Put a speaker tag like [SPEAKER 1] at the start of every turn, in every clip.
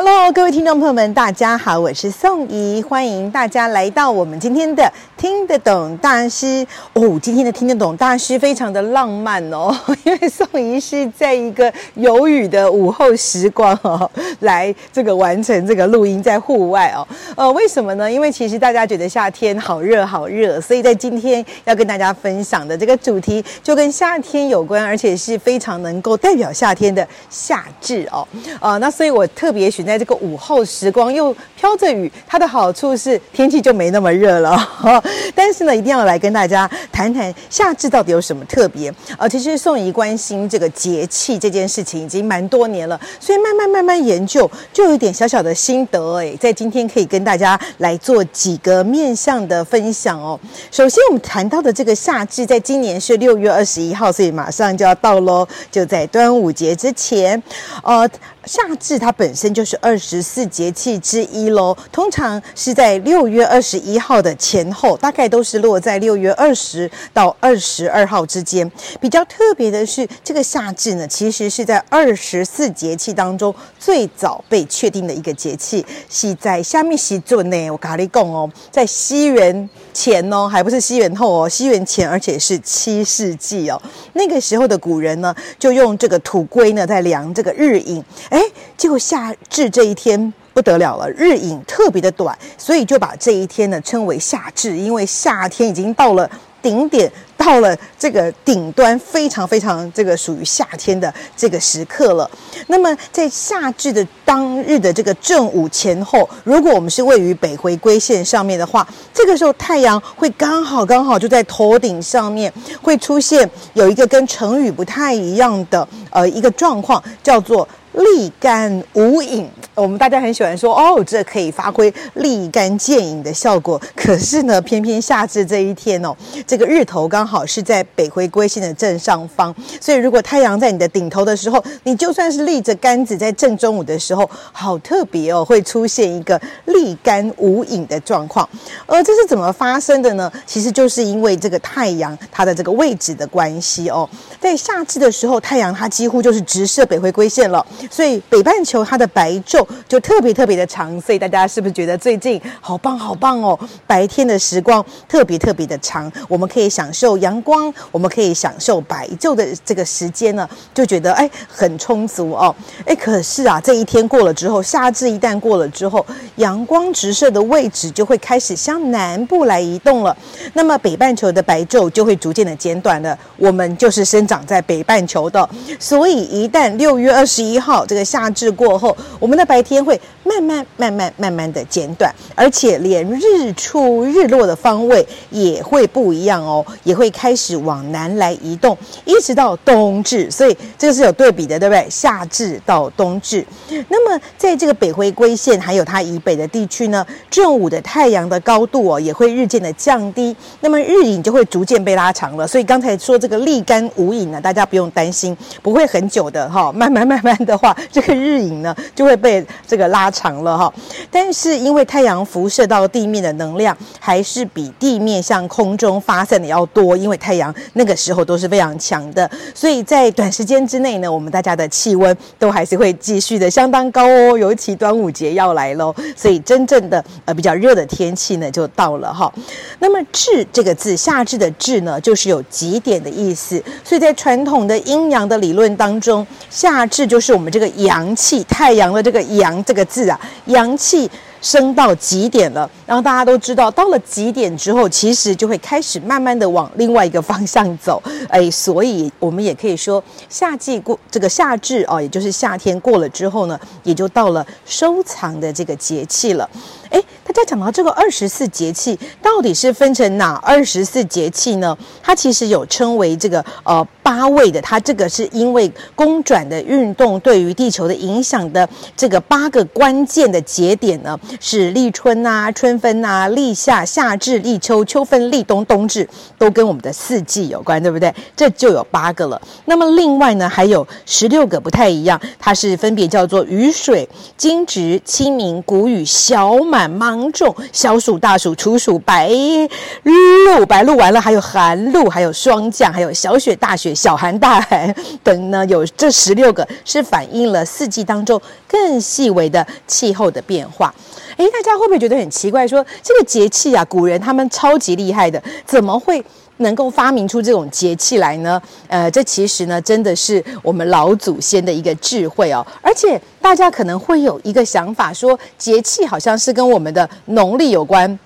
[SPEAKER 1] Hello，各位聽眾朋友們，大家好，我是宋怡，歡迎大家來到我們今天的聽得懂大師哦，今天的聽得懂大師非常的浪漫哦，因為宋怡是在一個有雨的午後時光哦，來這個完成這個錄音在戶外哦，呃，為什麼呢？因為其實大家覺得夏天好熱好熱，所以在今天要跟大家分享的這個主題就跟夏天有關，而且是非常能夠代表夏天的夏至哦，呃，那所以我特別選在這個午後時光，又飄着雨，它的好處是天氣就沒那麼熱了哦。但是呢，一定要來跟大家談談夏至到底有什麼特別。呃，其實宋怡關心這個節氣這件事情已經蠻多年了，所以慢慢慢慢研究，就有點小小的心得誒，在今天可以跟大家來做幾個面向的分享哦。首先，我們談到的這個夏至，在今年是六月二十一號，所以馬上就要到嘍，就在端午節之前，呃。夏至它本身就是二十四節氣之一嘍，通常是在六月二十一號的前後，大概都是落在六月二十到二十二號之間。比較特別的是，這個夏至呢，其實是在二十四節氣當中最早被確定的一個節氣，是在夏米西作內。我咖哩講哦，在西元。前哦，還不是西元後哦，西元前，而且是七世紀哦。那個時候的古人呢，就用這個土圭呢，在量這個日影。哎，結果夏至這一天不得了了，日影特別的短，所以就把這一天呢稱為夏至，因為夏天已經到了。頂點到了這個頂端，非常非常這個屬於夏天的這個時刻了。那麼在夏至的當日的這個正午前後，如果我們是位於北回歸線上面的話，這個時候太陽會剛好剛好就在頭頂上面，會出現有一個跟成語不太一樣的呃一個狀況，叫做。立竿無影，我們大家很喜歡說哦，這可以發揮立竿見影的效果。可是呢，偏偏夏至這一天哦，這個日頭剛好是在北回歸線的正上方，所以如果太陽在你的頂頭的時候，你就算是立着竿子，在正中午的時候，好特別哦，會出現一個立竿無影的狀況。而這是怎麼發生的呢？其實就是因為這個太陽它的這個位置的關係哦，在夏至的時候，太陽它幾乎就是直射北回歸線了。所以北半球它的白晝就特別特別的長，所以大家是不是覺得最近好棒好棒哦？白天的時光特別特別的長，我們可以享受陽光，我們可以享受白晝的這個時間呢，就覺得哎、欸、很充足哦。哎、欸，可是啊，這一天過了之後，夏至一旦過了之後，陽光直射的位置就會開始向南部來移動了，那麼北半球的白晝就會逐漸的減短了。我們就是生長在北半球的，所以一旦六月二十一號。這個夏至過後，我們的白天會慢慢、慢慢、慢慢的減短，而且連日出、日落的方位也會不一樣哦，也會開始往南來移動，一直到冬至，所以這個是有對比的，對不對？夏至到冬至，那麼在這個北回歸線還有它以北的地區呢，正午的太陽的高度哦也會日漸的降低，那麼日影就會逐漸被拉長了。所以剛才說這個立竿無影呢，大家不用擔心，不會很久的哈、哦，慢慢、慢慢的。話這個日影呢就會被這個拉長了哈，但是因為太陽輻射到地面的能量還是比地面向空中發散的要多，因為太陽那個時候都是非常強的，所以在短時間之內呢，我們大家的氣溫都還是會繼續的相當高哦，尤其端午節要來嘍，所以真正的呃比較熱的天氣呢就到了哈。那麼“至”這個字，夏至的“至”呢，就是有極點的意思，所以在傳統的陰陽的理論當中，夏至就是我們。這個陽氣，太陽的這個陽這個字啊，陽氣升到極點了。然後大家都知道，到了極點之後，其實就會開始慢慢的往另外一個方向走。哎，所以我們也可以說，夏季過這個夏至哦、啊，也就是夏天過了之後呢，也就到了收藏的這個節氣了。哎。再講到這個二十四節氣，到底是分成哪二十四節氣呢？它其實有稱為這個呃八位的。它這個是因為公轉的運動對於地球的影響的這個八個關鍵的節點呢，是立春啊、春分啊、立夏、夏至、立秋、秋分、立冬、冬至，都跟我們的四季有關，對不對？這就有八個了。那麼另外呢，還有十六個不太一樣，它是分別叫做雨水、驚蟄、清明、谷雨、小滿、芒中小暑大暑處暑白露白露完了，還有寒露，還有霜降，還有小雪大雪小寒大寒等呢。有這十六個，是反映了四季當中更細微的氣候的變化。哎，大家會不會覺得很奇怪，說這個節氣啊，古人他們超級厲害的，怎麼會？能夠發明出這種節氣來呢？呃，這其實呢，真的是我們老祖先的一個智慧哦。而且大家可能會有一個想法說，說節氣好像是跟我們的農曆有關。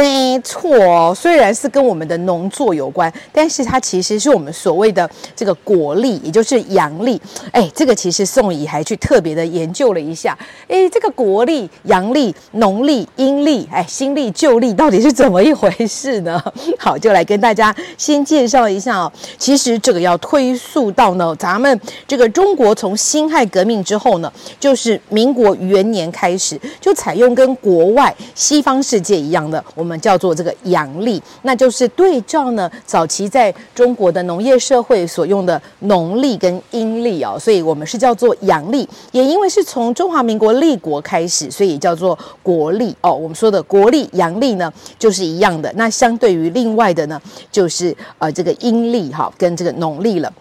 [SPEAKER 1] 沒錯，雖然是跟我們的農作有關，但是它其實是我們所謂的這個國曆，也就是陽曆。哎、欸，這個其實宋怡還去特別的研究了一下。哎、欸，這個國曆、陽曆、農曆、陰曆、哎、欸、新曆、舊曆到底是怎麼一回事呢？好，就來跟大家先介紹一下哦、喔。其實這個要追溯到呢，咱們這個中國從辛亥革命之後呢，就是民國元年開始就採用跟國外西方世界一樣的。我們叫做這個陽曆，那就是對照呢，早期在中國的農業社會所用的農曆跟陰曆哦，所以我們是叫做陽曆，也因為是從中華民國立國開始，所以叫做國曆哦。我們說的國曆、陽曆呢，就是一樣的。那相對於另外的呢，就是呃這個陰曆哈、哦，跟這個農曆了。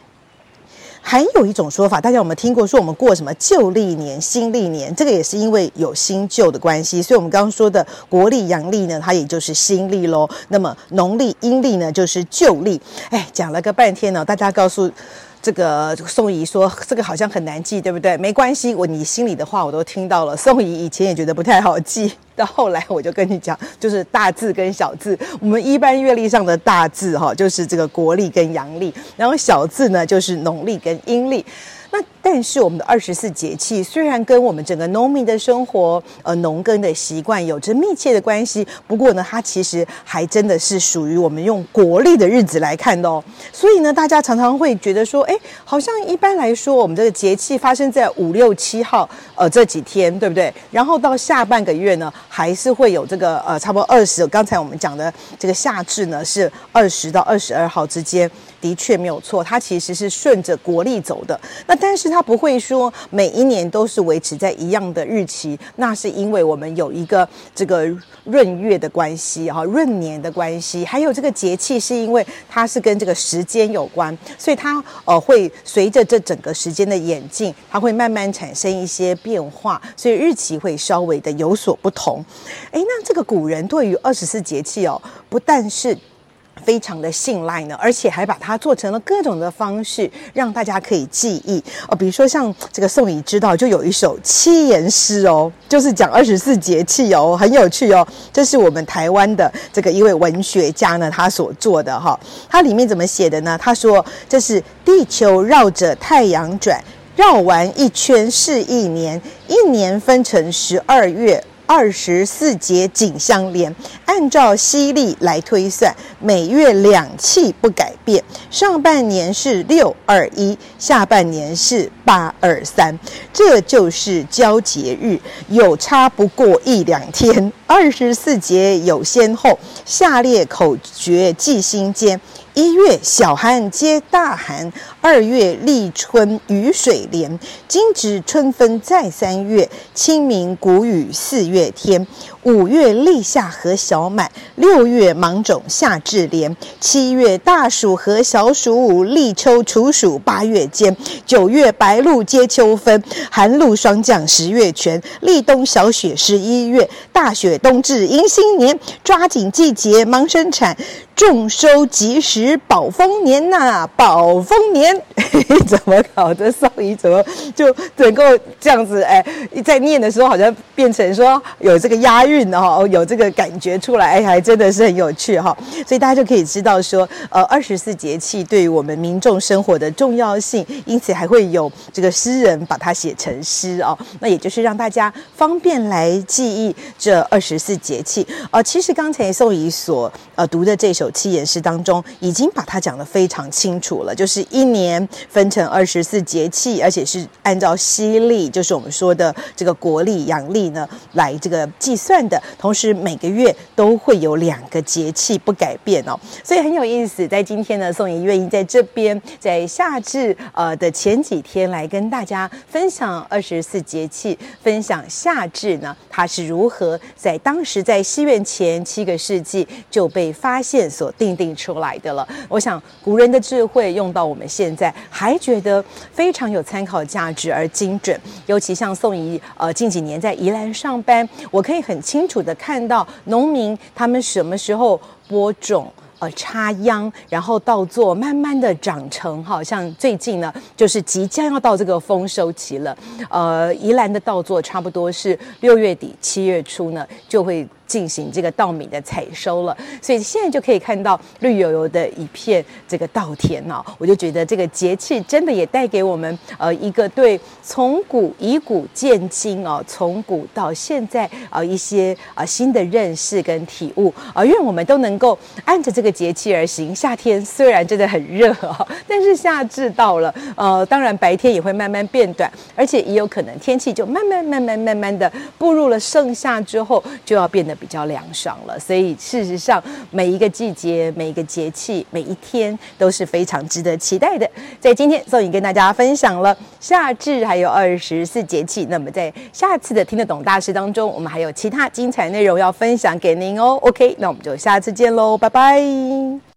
[SPEAKER 1] 還有一種說法，大家有沒有聽過？說我們過什麼舊曆年、新曆年，這個也是因為有新舊的關係。所以，我們剛剛說的國曆、陽曆呢，它也就是新曆嘍。那麼，農曆、陰曆呢，就是舊曆。哎，講了個半天呢、哦，大家告訴。這個宋怡說：“這個好像很難記，對不對？沒關係，我你心裡的話我都聽到了。宋怡以前也覺得不太好記，到後來我就跟你講，就是大字跟小字。我們一般月曆上的大字哈，就是這個國歷跟陽曆，然後小字呢就是農曆跟陰曆。”那但是我們的二十四節氣雖然跟我們整個農民的生活、呃農耕的習慣有着密切的關係，不過呢，它其實還真的是屬於我們用國曆的日子來看的哦。所以呢，大家常常會覺得說，哎，好像一般來說，我們這個節氣發生在五六七號，呃，這幾天對不對？然後到下半個月呢，還是會有這個呃，差不多二十。剛才我們講的這個夏至呢，是二十到二十二號之間，的確沒有錯，它其實是順着國曆走的。那但是呢。它不會說每一年都是維持在一樣的日期，那是因為我們有一個這個閏月的關係，哈，閏年的關係，還有這個節氣，是因為它是跟這個時間有關，所以它呃會隨着這整個時間的演進，它會慢慢產生一些變化，所以日期會稍微的有所不同。誒，那這個古人對於二十四節氣哦，不但是。非常的信賴呢，而且還把它做成了各種的方式，讓大家可以記憶哦。比如說像這個宋怡知道就有一首七言詩哦，就是講二十四節氣哦，很有趣哦。這是我們台灣的這個一位文學家呢，他所做的哈。他裡面怎麼寫的呢？他說：“這是地球繞着太陽轉，繞完一圈是一年，一年分成十二月。”二十四節緊相連，按照西曆來推算，每月兩氣不改變。上半年是六二一，下半年是八二三，這就是交節日，有差不過一兩天。二十四節有先後，下列口訣記心間：一月小寒接大寒。二月立春雨水連，驚蟄春分在三月，清明穀雨四月天。五月立夏和小滿，六月芒種夏至連，七月大暑和小暑五，立秋處暑八月間，九月白露接秋分，寒露霜降十月全，立冬小雪十一月，大雪冬至迎新年，抓緊季節忙生產，種收及時保豐年吶、啊，保豐年， 怎麼搞的，宋怡怎麼就能夠這樣子哎，在念的時候好像變成說有這個押韻。運哦，有這個感覺出來，哎，還真的是很有趣哈哦。所以大家就可以知道說，呃，二十四節氣對於我們民眾生活的重要性，因此還會有這個詩人把它寫成詩哦。那也就是讓大家方便來記憶這二十四節氣。呃，其實剛才宋怡所呃讀的這首七言詩當中，已經把它講得非常清楚了，就是一年分成二十四節氣，而且是按照西曆，就是我們說的這個國曆、陽曆呢，來這個計算。的同時，每個月都會有兩個節氣不改變哦，所以很有意思。在今天呢，宋怡願意在這邊，在夏至呃的前幾天來跟大家分享二十四節氣，分享夏至呢，它是如何在當時在西元前七個世紀就被發現所訂定出來的了。我想古人的智慧用到我們現在，還覺得非常有參考價值而精準。尤其像宋怡呃近幾年在宜蘭上班，我可以很。清楚的看到農民他們什麼時候播種，呃，插秧，然後稻作慢慢的長成，好像最近呢，就是即將要到這個豐收期了，呃，宜蘭的稻作差不多是六月底七月初呢就會。進行這個稻米的採收了，所以現在就可以看到綠油油的一片這個稻田哦、啊。我就覺得這個節氣真的也帶給我們呃一個對從古以古鑑今哦，從古到現在啊一些啊新的認識跟體悟啊。願我們都能夠按着這個節氣而行。夏天雖然真的很熱哦、啊，但是夏至到了，呃，當然白天也會慢慢變短，而且也有可能天氣就慢慢慢慢慢慢的步入了盛夏之後，就要變得。比較涼爽了，所以事實上，每一個季節、每一個節氣、每一天都是非常值得期待的。在今天，宋怡跟大家分享了夏至還有二十四節氣。那麼在下次的聽得懂大師當中，我們還有其他精彩內容要分享給您哦。OK，那我們就下次見嘍，拜拜。